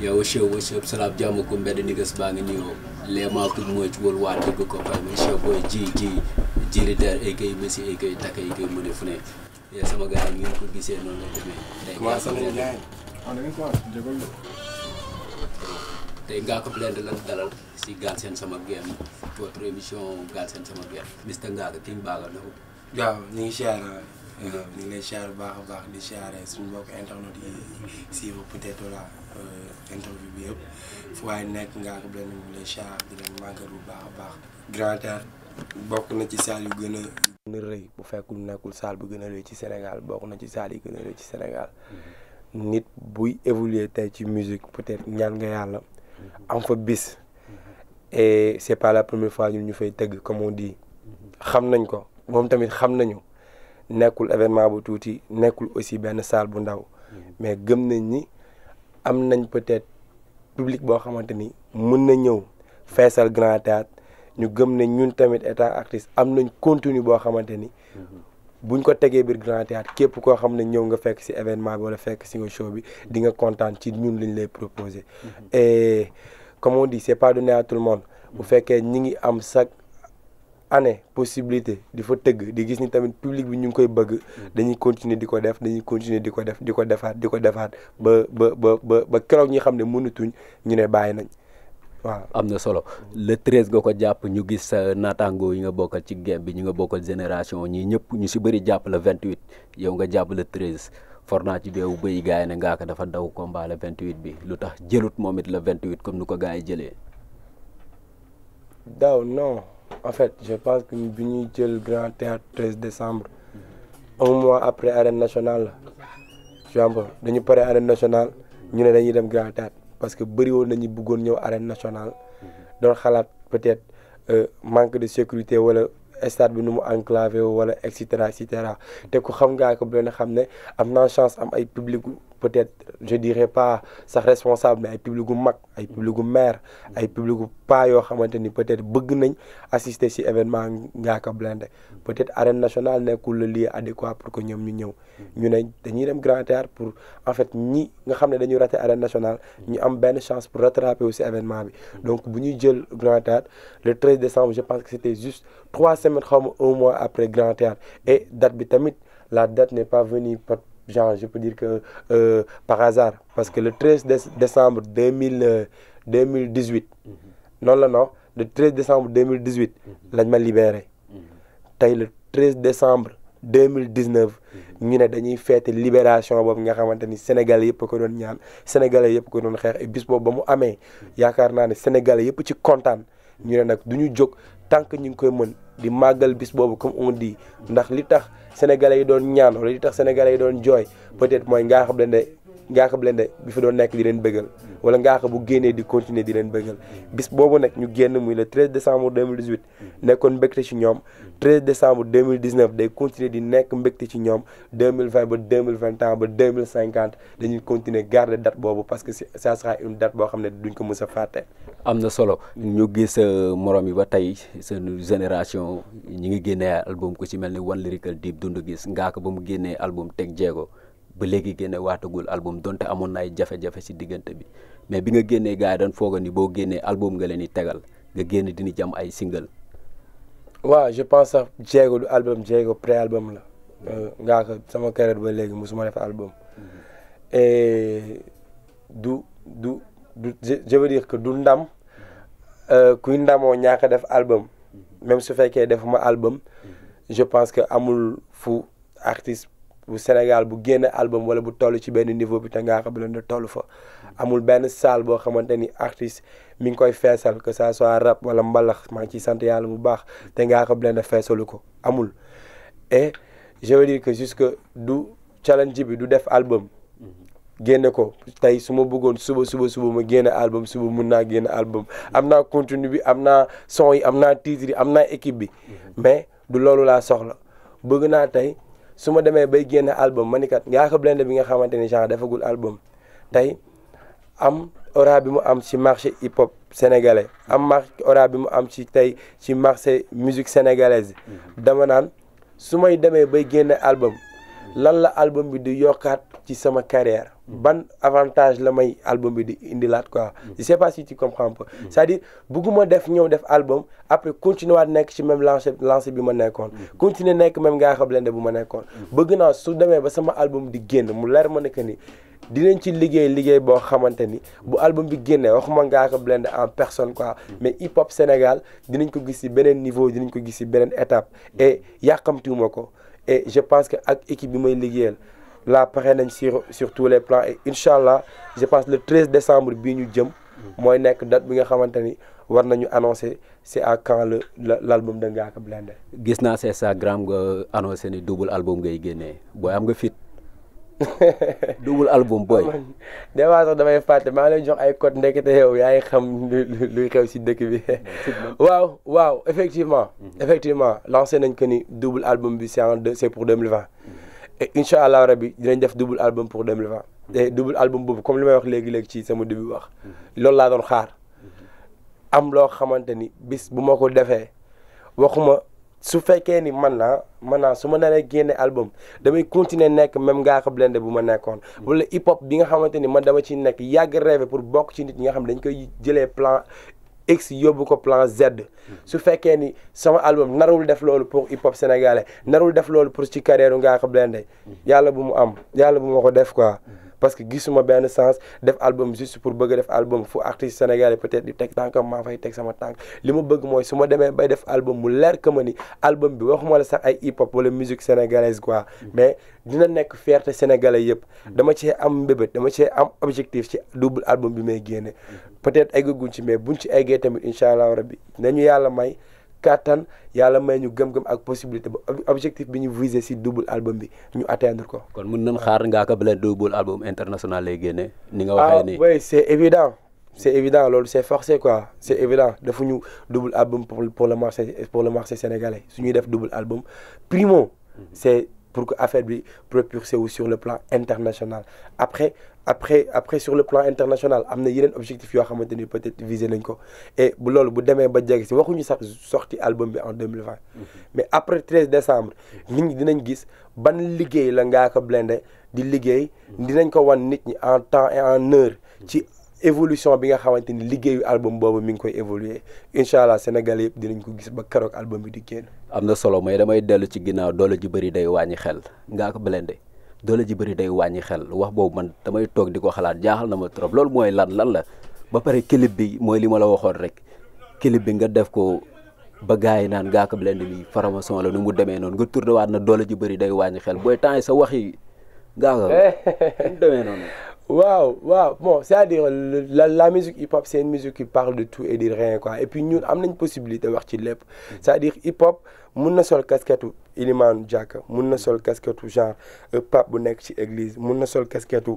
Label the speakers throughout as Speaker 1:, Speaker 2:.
Speaker 1: yo what's up what's up salaam jàmm ku mbedd niggas baa ngi nuyoo leemaa ku mooy ci wol waa dégg ko fay mais chef booy ji ji jiri der ay kay messi ay kay takk ay kay mu ne fu ne sama gars yi ko gisee noonu la ngaa ko blend la dalal si seen Sama Game
Speaker 2: votre émission Galsen Sama Game Mister Ngaaka King Baba Ndaw waaw ñu ngi siyaar waaw ñu ngi lay bu baax a baax di siyaare suñu mbokk internet yi suivre peut-être la euh, interview bi yëpp fu waaye nekk ngaa ko benn ñu lay siyaar di leen bu baax a baax. Grand Théâtre bokk na ci salle yu gën rëy bu fekkul nekkul salle bu gën a rëy ci Sénégal bokk na ci salle yi gën rëy ci Sénégal mm-hmm. nit buy évoluer tey ci musique peut-être ñaan nga yàlla mm-hmm. am fa bis mm-hmm. et c'est pas la première fois ñun ñu fay tëgg comme on dit xam nañ ko moom tamit xam nañu. nekkul événement bu tuuti nekkul aussi benn salle bu ndaw mm-hmm. mais gëm nañ ni am nañ peut-être public boo xamante ni mën na ñëw feesal grand théâtre ñu gëm ne ñun tamit état artiste am nañ contenu boo xamante ni mm-hmm. buñ ko tegee biir grand théâtre képp koo xam ne ñëw nga fekk si événement bi wala fekk ci nga show bi di nga kontaan ci ñun lañ lay proposer mm-hmm. et comme on dit c'est pas donné à tout monde bu fekkee ñi ngi am chaque année possibilité di fa tëgg di gis ni tamit public bi ñu ngi koy bëgg mm. dañuy continuer di ko def dañuy continuer di ko def di ko defaat di ko defaat ba ba ba ba keroog ñi xam ne mënatuñ ñu ne bàyyi nañ waaw am na solo le treize nga ko jàpp
Speaker 1: ñu gis sa euh, naataangoo yi nga bokkal ci game bi ñu nga bokkal génération ñi ñëpp ñu si bëri jàpp le vingt huit yow nga jàpp le treize forna ci beewu bëy gars yi ne ngaa ko dafa daw combat le vingt huit bi lu tax jëlut moom it le vingt huit comme ni ko gars yi
Speaker 2: daw non en fait je pense que bi ñuy jël grand théâtre 13 décembre un mois après arène nationale la tu dañu pare arène nationale ñu ne dañuy dem grand théâtre parce que bëri nañu buggoon ñëw arène nationale mhm. doon xalaat peut-être euh, manque de sécurité wala stade bi nu mu enclavé wu wala et cetera et cetera te ku xam ngaa ko bu xam ne am naa chance am ay public peut-être je dirais pas sax responsable mais ay public gu mag ay public gu maire ay public gu pas yoo xamante ni peut-être bëgg nañ assister ci événement Ngaaka Blindé peut-être arène nationale nekkul le lieu adéquat pour que ñoom ñu ñëw ñu ne dañuy dem Grand pour en fait ñi nga xam ne dañuy raté arène nationale ñu am benn chance pour rattraper aussi événement bi donc bu ñuy jël Grand Théâtre le 13 décembre je pense que c'était juste trois semaine xaw ma un mois après Grand Théâtre et date bi tamit la date n'est pas venue par genre je peux dire que euh, par hasard parce que le 13 décembre 2000 2018 noonu la non le 13 décembre 2018 mhm. lañ ma libéré mhm. tey le 13 décembre 2019 mhm. ñu ne dañuy feete libération boobu nga xamante ni sénégalais yëpp ko doon ñaan sénégalais yëpp ko doon xeex et bis boobu ba mu amee yaakaar naa ne sénégalais yëpp ci kontaan ñu ne nag du ñu jóg tant que ñu ngi koy mën di màggal bis boobu comme on di ndax li tax sénégalais yi doon ñaan wala li tax sénégale yi doon jooy peut-être mooy ngaa xam ne ngaaxa Blindé bi fi doon nekk di leen bëggal wala ngaaxa bu génnee di continuer di leen bëggal bis boobu nag ñu génn muy le 13 décembre 2018 nekkoon mbégte ci ñoom 13 décembre 2019 day continuer di nekk mbégte ci ñoom 2020 ba 2021 ba 2050 dañuy continuer garder date boobu parce que ça a une date boo xam ne duñ ko mës a fàtte.
Speaker 1: am na solo ñu gis moroom yi ba tey seen génération ñu ngi génnee album ku ci mel ni One Lyrical Deep dund gis ngaaxa ba mu génnee album teg jéego. ba léegi génne waatagul album donte amoon na ay jafe-jafe si diggante bi mais bi nga génnee gars yi fooga ni boo génnee album nga leen di tegal nga génn dina jam ay
Speaker 2: single. waaw je pense sax jéego du album jéego pré album la. Euh, ngaa ko sama carrière ba léegi mosuma def album. Mm-hmm. et du du du je veux dire que ndam euh, kuy ndamoo ñaaka def album. Mm-hmm. même su fekkee defuma album. Mm-hmm. je pense que amul fu artiste. bu Sénégal bu génn album wala bu toll ci benn niveau bi te ngaa xam ne toll fa amul benn salle boo xamante ni artiste mi ngi koy feesal que ça soit rab wala mbalax maa ngi ciy sant yàlla bu baax te ngaa xam ne feesalu ko amul. et je veux dire que jusque du challenge bi du def album. génne ko tey su ma buggoon suba suba suba ma génne album suba mun naa génne album am naa contenu bi am naa son yi am naa titre yi am naa équipe bi mhm. mais du loolu laa soxla bëgg naa tey. su ma demee bay génne album ma ni kat Ngaaka bi nga xamante ni genre defagul album tey am aura bi mu am ci marché hip hop sénégalais am marché aura bi mu am ci tey ci marché musique sénégalaise mm-hmm. dama naan su may demee bay génne album lan la album bi di yokkaat ci sama carrière mm. ban avantage la may album bi di indilaat quoi mm. je sais pas si tu comprends pas cest à bugguma def ñëw def album après continuer waat nekk ci même lancé lancé bi ma nekkoon mm. continuer nekk même ngaa xam leen bu ma nekkoon bëgg naa su demee ba sama album di génn mu leer ma nekk ni dinañ ci liggéey liggéey boo xamante ni bu album bi génnee waxuma ngaa ko blende en personne quoi mais hip hop Sénégal dinañ ko gis ci beneen niveau dinañ ko gis ci beneen étape et yàqamtiwuma ko je pense que ak équipe bi may liggéeyal la paxe nañ sur sur tous les plans et incha allah je pense le 13 décembre bii ñu jëm. mooy nekk date bi nga xamante ni war nañu annoncé c'est à la le l'album de Ngaaka Blindé.
Speaker 1: gis naa c'est ça gram nga annoncé ni double album ngay génnee booy am nga fit. double album booy.
Speaker 2: des fois sax damay fàtte maa lay jox ay code ndekete yow yaay xam luy xew si dëkk bi. waaw waaw effectivement. Mhm. effectivement lancé nañ que ni double album bi c'est en c'est pour deux mille vingt. Mhm. et incha allah rabi dinañ def double album pour deux mille vingt. Mhm. te double album boobu comme li may wax léegi léeg ci sama début wax. loolu laa doon xaar. am loo xamante ni bis bu ma ko defee waxuma. su fekkee ni man naa man naa su ma naree génne album damay continuer nekk même Ngaaka Blindé bu ma nekkoon wala hip hop bi nga xamante ni man dama ci nekk yàgg rêvé pour bokk ci nit ñi nga xam dañ koy jëlee plan x yóbbu ko plan z su fekkee ni sama album narul def loolu pour hip hop sénégalais narul def loolu pour ci ngaa Ngaaka Blindé yàlla bu mu am yàlla bu ma ko def quoi parce que gisuma benn sens def album juste pour bëgg def album fu artiste sénégalais peut-être di teg tànkam maa fay teg sama tànk li ma bëgg mooy suma ma demee bay def album mu leer que ma ni album bi waxuma la sax ay hip hop wala musique sénégalaise quoi mais dina nekk fierté sénégalais yëpp dama cee am mbébét dama cee am objectif ci double album bi may génne mm-hmm. peut-être eggaguñ ci mais buñ ci eggee tamit incha allah rabbi nañu yàlla may kàttan yàlla may ñu gëm-gëm ak possibilité ba objectif bi ñu visé si double album bi ñu atteindre ko.
Speaker 1: kon mën nañ xaar ngaa ko bële double album international lay génne. ni nga waxee ah nii ah
Speaker 2: oui c' est évident. c' est évident loolu c' forcé quoi c' est évident defuñu double album pour pour le marché pour le marché sénégalais suñuy def double album primo. Mhm. c' est pour que affaire bi propulsé wu sur le plan international après. après après sur le plan international am na yeneen objectif yoo xamante ni peut-être visé nañ ko et bu loolu bu demee ba jege si waxuñu sax sorti album bi en mhm. mais après 13 décembre nit ñi dinañ gis ban liggéey la Ngaaka Blindé di liggéey mhm. dinañ ko wan nit ñi en temps et en heure ci évolution bi nga xamante ni liggéeyu album boobu mi ngi koy évolué incha allah Sénégal yëpp dinañ ko gis ba keroog album bi di génn.
Speaker 1: am na solo mooy damay dellu ci ginnaaw doole ji bëri day wàññi xel Ngaaka Blindé doole ji bëri day wàññi xel wax boobu man damay toog di ko xalaat jaaxal na ma trop loolu mooy lan lan la ba pare clip bi mooy li ma la waxoon rek clip bi nga def ko ba gars yi naan Ngaaka Blindé bi faramason la nu mu demee noonu nga tourné waat na doole ji bëri day wàññi xel booy temps
Speaker 2: sa wax yi Ngaaka mu demee noonu. waaw waaw bon cest à la la musique hip-hop c'est une musique qui parle de tout et de rien quoi am nañ possibilité wax ci lépp c'est-à-dire hip-hop mun na sol casquette ilimaanu jàkka mun na sol casquette genre euh, pape bu nekk ci église mun na sol casquette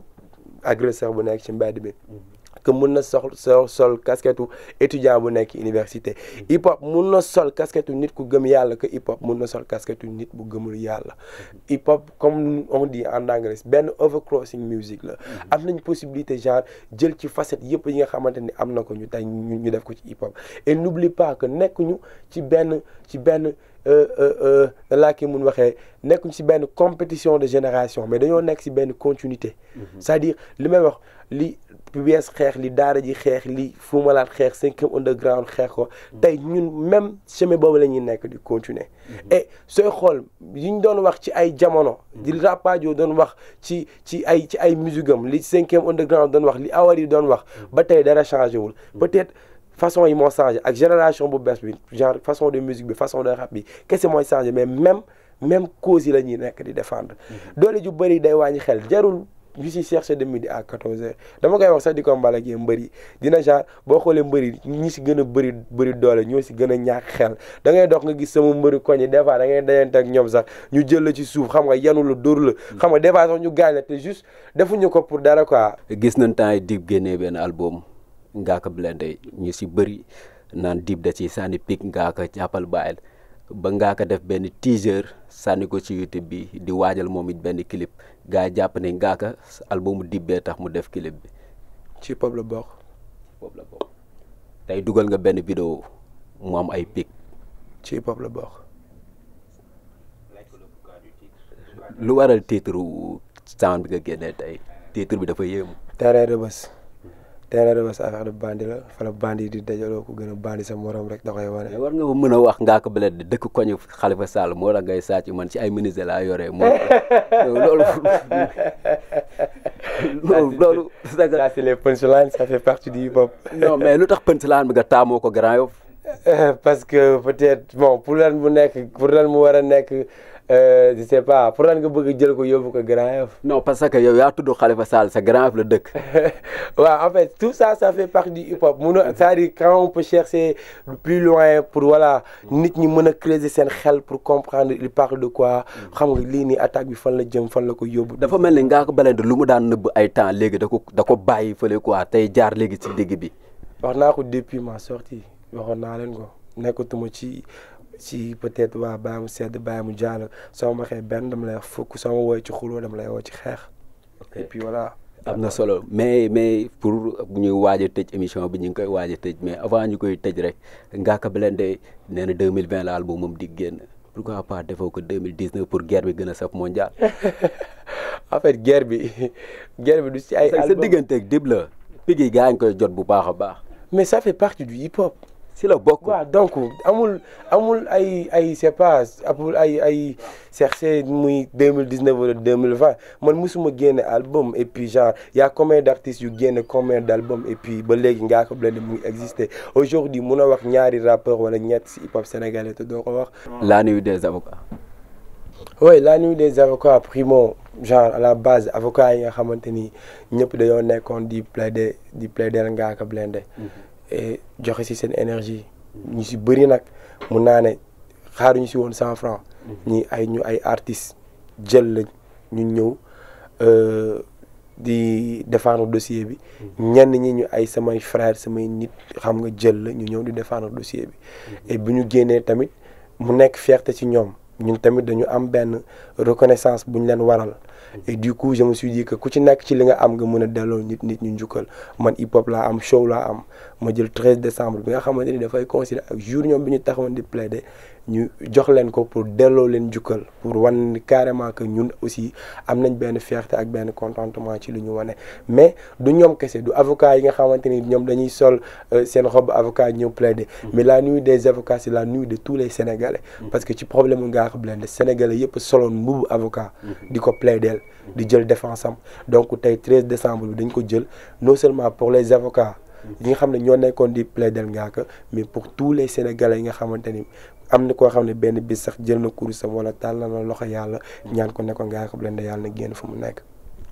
Speaker 2: agresseur bu nekk ci mbedd bi mm-hmm. que mun na sol sol sol casquette étudiant bu nekk université mm-hmm. hip hop mun na sol casquette nit ku gëm yàlla que hip hop mun na sol casquette nit bu gëmul yàlla mm-hmm. hip comme on dit en anglais benn overcrossing music la am nañ possibilité genre jël ci facette yëpp yi nga xamante ni am na ko ñu tey ñu def ko ci hip hop et n'oublie pas nekk ñu ci benn ci benn na euh, euh, euh, laa kii mun waxee nekkuñ si benn compétition de génération mais dañoo nekk si benn continuité mhm. c'est-à-dire li may wax li PBS xeex li daara ji xeex li Fou Malade xeex cinquième underground xeex ko mhm. tey ñun même chemin boobu la ñuy nekk di continuer mhm. et sooy xool yi ñu doon wax ci ay jamono di Rapadio doon wax ci ci ay ci ay musique am li cinquième underground doon wax li awar yi doon wax ba tey dara changé wul peut-être façon yi moo changé ak génération bu bees bi genre façon de musique bi façon de rap bi kese mooy changé mais même même cause yi la ñuy nekk di défendre mhm. doole ju bëri day wàññi xel jarul ñu si cherché de midi a 14 heures dama koy wax sax di ko mbala gi mbëri dina genre boo xoolee mbëri ñu si gën a bëri bëri doole ñoo si gën a ñàkk xel da ngay dox nga gis sama mbëri koñ yi des fois da ngay dajante ak ñoom sax ñu jël la ci suuf xam nga yanu la dóor la. Mhm. xam nga des ñu gaañ la te juste ko pour dara quoi.
Speaker 1: gis nañ temps yi Dip génnee benn album. Ngaaka Blindé ñu si bëri naan Dip da ci sànni pic Ngaaka jàppal bàyyil ba Ngaaka def benn teaser sànni ko ci YouTube bi di waajal moom it benn kilip gaa jàpp ne Ngaaka albumu Dip bee tax mu def clip bi.
Speaker 2: ci pop la bokk. la bokk
Speaker 1: tey dugal nga benn vidéo mu am ay pic.
Speaker 2: ci la bokk.
Speaker 1: lu waral titre sound bi nga génnee tey titre bi dafa yéemu.
Speaker 2: terrain teelal ma sa affaire de bandi la fala bandi di dajaloo ku gën a bandi sa morom rek da koy wane. war nga mën
Speaker 1: a wax Ngaaka Blindé dëkk koñu Khalifa Sall moo la ngay sàcc man ci ay ministre laa yore moom
Speaker 2: loolu. loolu loolu. ça c'est les punchlines ça fait partie du hip lu tax punchline bi nga taamoo ko Grand Yoff. parce que peut-être bon pour lan mu nekk pour lan mu war nekk. Euh, je sais pas pour lan nga bëgg jël ko yóbbu ko Grand Yoff. non parce que yow yaa tudd Khalifa Sall sa Grand Yoff la dëkk. waa en fait tout ça ça fait partie du hip hop mun a c'est-à-dire quand on peut chercher plus loin pour voilà nit ñi mën a creuser seen xel pour comprendre il parle de quoi xam nga lii ni attaque bi fan la jëm fan la ko yóbbu.
Speaker 1: dafa mel ni ngaa ko balande lu mu daan nëbb ay temps léegi da ko da ko bàyyi fële quoi tey jaar léegi ci digg bi.
Speaker 2: wax naa ko depuis ma sortie waxoon naa leen ko nekkatuma ci. ci peut-être waa bàyyi mu sedd bàyyi mu jàll soo ma waxee benn dama lay wax fukk soo ma ci xuloo dama la woo ci xeex. et voilà.
Speaker 1: am na solo mais mais pour ñuy waaj a tëj émission bi ñu ngi koy waaj a mais avant ñu koy tëj rek Ngaaka Blindé nee na 2020 la album moom di génn pourquoi pas defoo ko pour guerre bi gën a saf mondial. en fait bi guerre bi du si ay. album sa digganteeg Dip la gaa
Speaker 2: ngi koy jot bu baax a baax. mais ça fait partie du hip hop. si la bokk. waaw donc amul amul ay ay c'est pas amul ay ay cherché muy deux de dix neuf wala deux mille vingt man mosuma génne album et puis ya y a combien yu génne combien d'album et puis ba léegi ngaa ko bële mu ngi existé aujourd'hui mun a wax ñaari rappeur wala ñett si hip hop sénégalais ko wax.
Speaker 1: la nuit des avocats.
Speaker 2: oui la nuit des avocats primo genre à la base avocats yi nga xamante ni ñëpp dañoo nekkoon di plaider di plaider Ngaaka Blindé. Mhm. joxe si seen énergie ñu si bëri nag mun naa ne xaaruñu si woon cent franc mhm. ñi ay ñu ay artistes jël lañ ñu ñëw euh, di défendre dossier bi mhm. ñenn ñi ñu ay samay frères samay nit xam nga jël la ñu ñëw di défendre dossier bi mhm. bu ñu génnee tamit mu nekk fierté ci ñoom ñun tamit dañu am benn reconnaissance bu ñu leen waral et du coup je me ku ci nekk ci li nga am nga mën a delloo nit nit ñu njukkal man hip hop laa am show laa am ma jël 13 décembre bi nga xamante ni dafay considéré ak jour ñoom bi ñu taxawoon di de ñu jox leen ko pour delloo leen jukkal pour wan carrément que ñun aussi am nañ benn fierté ak benn contentement ci lu ñu wane mais du ñoom kese du avocat yi nga xamante ni ñoom dañuy sol euh, seen robe avocat ñëw plaider mm-hmm. mais la nuit des avocats c'est la nuit de tous les sénégalais mm-hmm. parce que ci problème Ngaaka Blindé sénégalais yëpp soloon mbubu avocat mm-hmm. di ko plaideel di jël défense am donc tey 13 décembre bi dañ ko jël non seulement pour les avocats yi nga xam ne ñoo nekkoon di plaideel Ngaaka mais pour tous les sénégalais yi nga xamante ni am na koo xam ne benn bis sax jël na kurusam wala tàllal na loxo yàlla ñaan ko ne ko ngaa leen blende yàlla na génn fu mu nekk.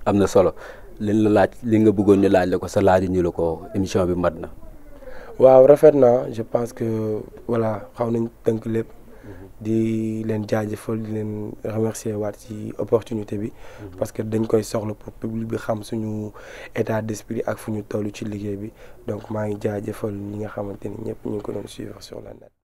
Speaker 1: am na solo liñ la laaj li nga bëggoon ñu laaj la ko sa laaj ñu la ko émission bi mat na.
Speaker 2: waaw rafet na je pense que voilà xaw nañ tënk lépp. di leen jaajëfal di leen remercier waat ci opportunité bi. parce que dañ koy soxla pour public bi xam suñu état d'esprit ak fu ñu toll ci liggéey bi donc maa ngi jaajëfal ñi nga xamante ni ñëpp ñu ko la